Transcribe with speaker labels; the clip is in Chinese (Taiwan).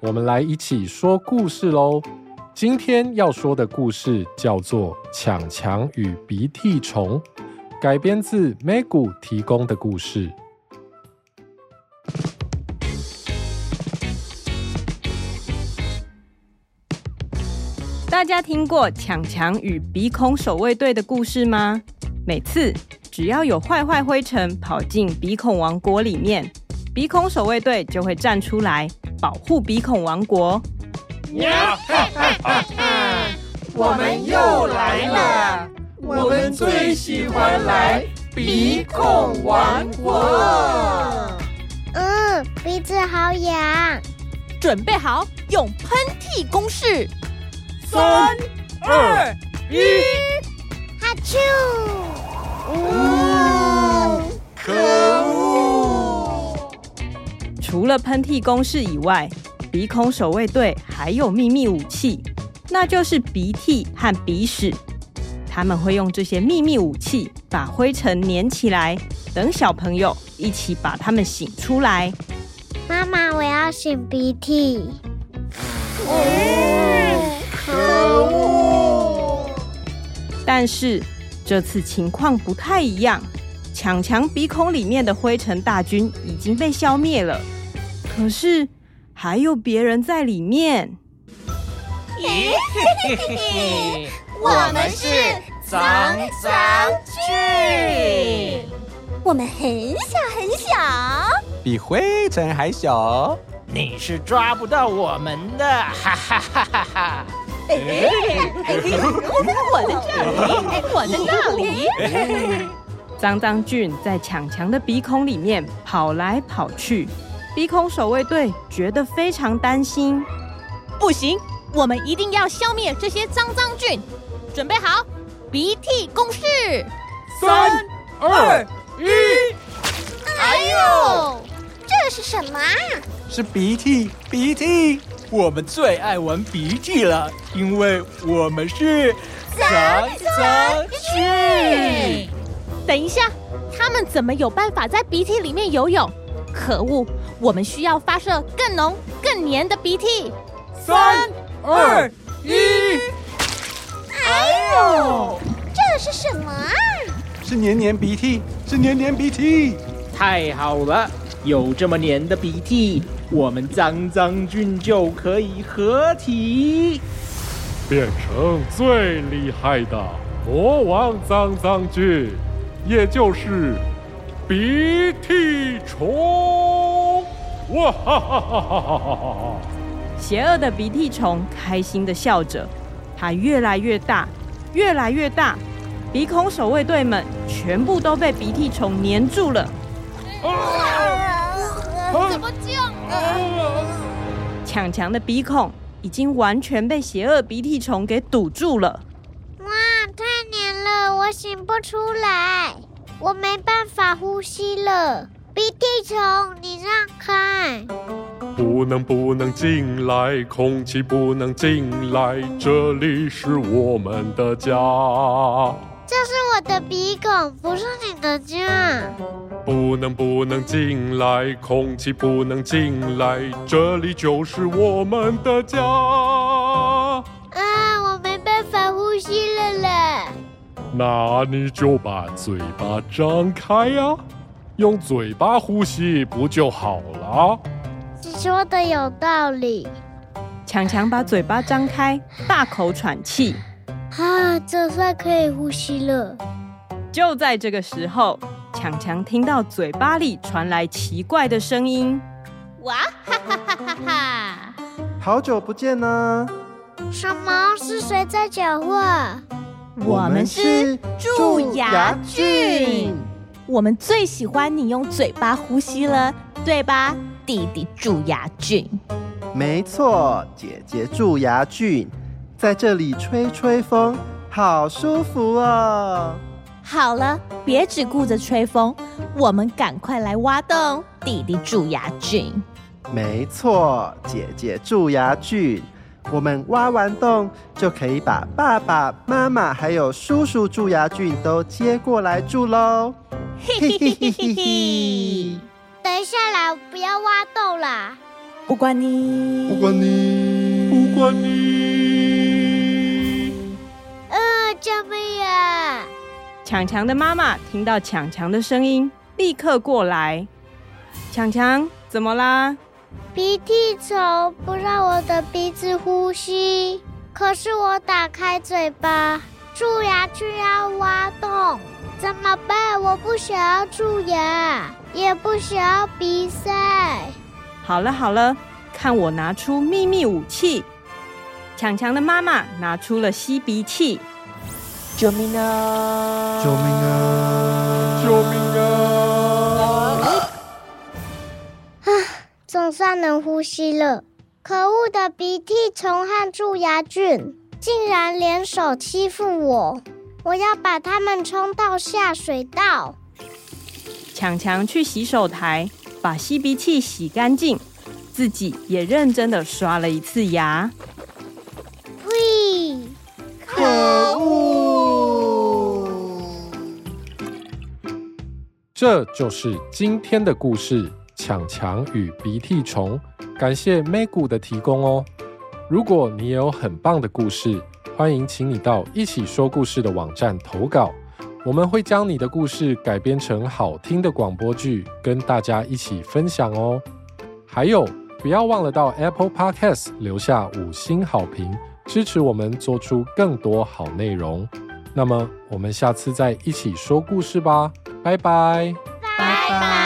Speaker 1: 我們來一起說故事嘍！今天要說的故事叫做《強強與鼻涕蟲》，改編自 Megu 提供的故事。
Speaker 2: 大家聽過《強強與鼻孔守衛隊》的故事嗎？每次只要有壞壞灰塵跑進鼻孔王國裡面，鼻孔守衛隊就會站出來。保護鼻孔王國，呀哈哈！我們又來了，我們
Speaker 1: 最喜歡來鼻孔王國。
Speaker 2: 嗯，鼻子好癢，準備好用噴嚏公式，三二一，哈啾！除了噴嚏攻勢以外，鼻孔守衛隊還有秘密武器，那就是鼻涕和鼻屎。他們會用這些秘密武器把灰塵粘起來，等小朋友一起把它們擤出來。媽媽，我要擤鼻涕。哦，可惡。但是這次情況不太一樣，強強鼻孔裡面的灰塵大軍已經被消滅了。可是還有別人在裡面。咦、欸，我們是髒髒菌，我們很小很小，比灰塵還小，你是抓不到我們的！哈哈哈哈哈，嘿嘿，我，在我的這裡，我的那裡，髒 髒菌在強強的鼻孔裡面跑來跑去。鼻孔守衛隊覺得非常擔心，不行，我們一定要消滅這些髒髒菌！準備好，鼻涕攻勢！三二一！哎呦，
Speaker 1: 這是什麼？
Speaker 2: 是鼻涕！鼻涕！我們最愛玩鼻涕了，因為我們是髒髒菌。等一下，他們怎麼有辦法在鼻涕裡面游泳？可惡！我們需要發射更濃、更黏的鼻涕。三、二、一。哎呦，這是什麼
Speaker 1: 啊？是黏黏鼻涕，是黏黏鼻涕。太好了，有這麼黏的鼻涕，我們髒髒菌就可以合體，變成最厲害的魔王髒
Speaker 2: 髒菌，也就是鼻涕蟲。哇哈哈哈哈，邪惡的鼻涕蟲開心的笑着，它越來越大，越來越大，鼻孔守衛隊們全部都被鼻涕蟲粘住了。喊怎麼這樣？強強喊、呃、的鼻孔已經完全被邪惡鼻涕蟲給堵住了。哇！太黏了，我醒不出來，我沒辦法呼吸了。鼻涕蟲，你讓開！
Speaker 1: 不能不能進來，空氣不能進來，這裡是我們的家。
Speaker 2: 這是我的鼻孔，不是你的家。
Speaker 1: 不能不能進來，空氣不能進來，這裡就是我們的家。
Speaker 2: 啊，我沒辦法呼吸了嘞！
Speaker 1: 那你就把嘴巴張開呀、啊。用嘴巴呼吸不就
Speaker 2: 好了？你說的有道理。強強把嘴巴張開，啊、大口喘氣。啊，總算可以呼吸了。就在這個時候，強強聽到嘴巴裡傳來奇怪的聲音。哇哈哈哈哈！哈，好久不見呢、啊。什麼？是誰在講話？我們是蛀牙菌。我們最喜歡你用嘴巴呼吸了，對吧？弟弟蛀牙菌。
Speaker 1: 沒錯，姐姐蛀牙菌，在這裡吹吹風，好舒服哦。
Speaker 2: 好了，別只顧着吹風，我們趕快來挖洞，弟弟蛀牙菌。
Speaker 1: 沒錯，姐姐蛀牙菌，我們挖完洞就可以把爸爸媽媽還有叔叔蛀牙菌都
Speaker 2: 接過來住嘍。嘿， 等一下啦，來不要挖洞啦！不管你，你，不管你，不管你。呃，救命啊！強強的媽媽聽到強強的聲音，立刻過來。強強，怎麼啦？鼻涕蟲不讓我的鼻子呼吸，可是我打開嘴巴，蛀牙就要挖洞。怎麼辦？我不想要蛀牙，也不想要鼻塞。好了好了，看我拿出祕密武器！強強的媽媽拿出了吸鼻器，救命啊！救命啊！救命啊！啊！總算能呼吸了。可惡的鼻涕蟲和蛀牙菌竟然聯手欺負我。我要把它們沖到下水道。強強去洗手台，把吸鼻器洗乾淨，自己也認真的刷了一次牙。呸！可惡！
Speaker 1: 這就是今天的故事：強強與鼻涕蟲。感謝 ㄇㄟ ㄍㄨ 的提供哦。如果你也有很棒的故事，歡迎，請你到一起說故事的網站投稿，我們會將你的故事改編成好聽的廣播劇，跟大家一起分享哦。還有，不要忘了到 Apple Podcast 留下五星好評，支持我們做出更多好內容。那麼，我們下次再一起說故事吧，拜拜，拜拜。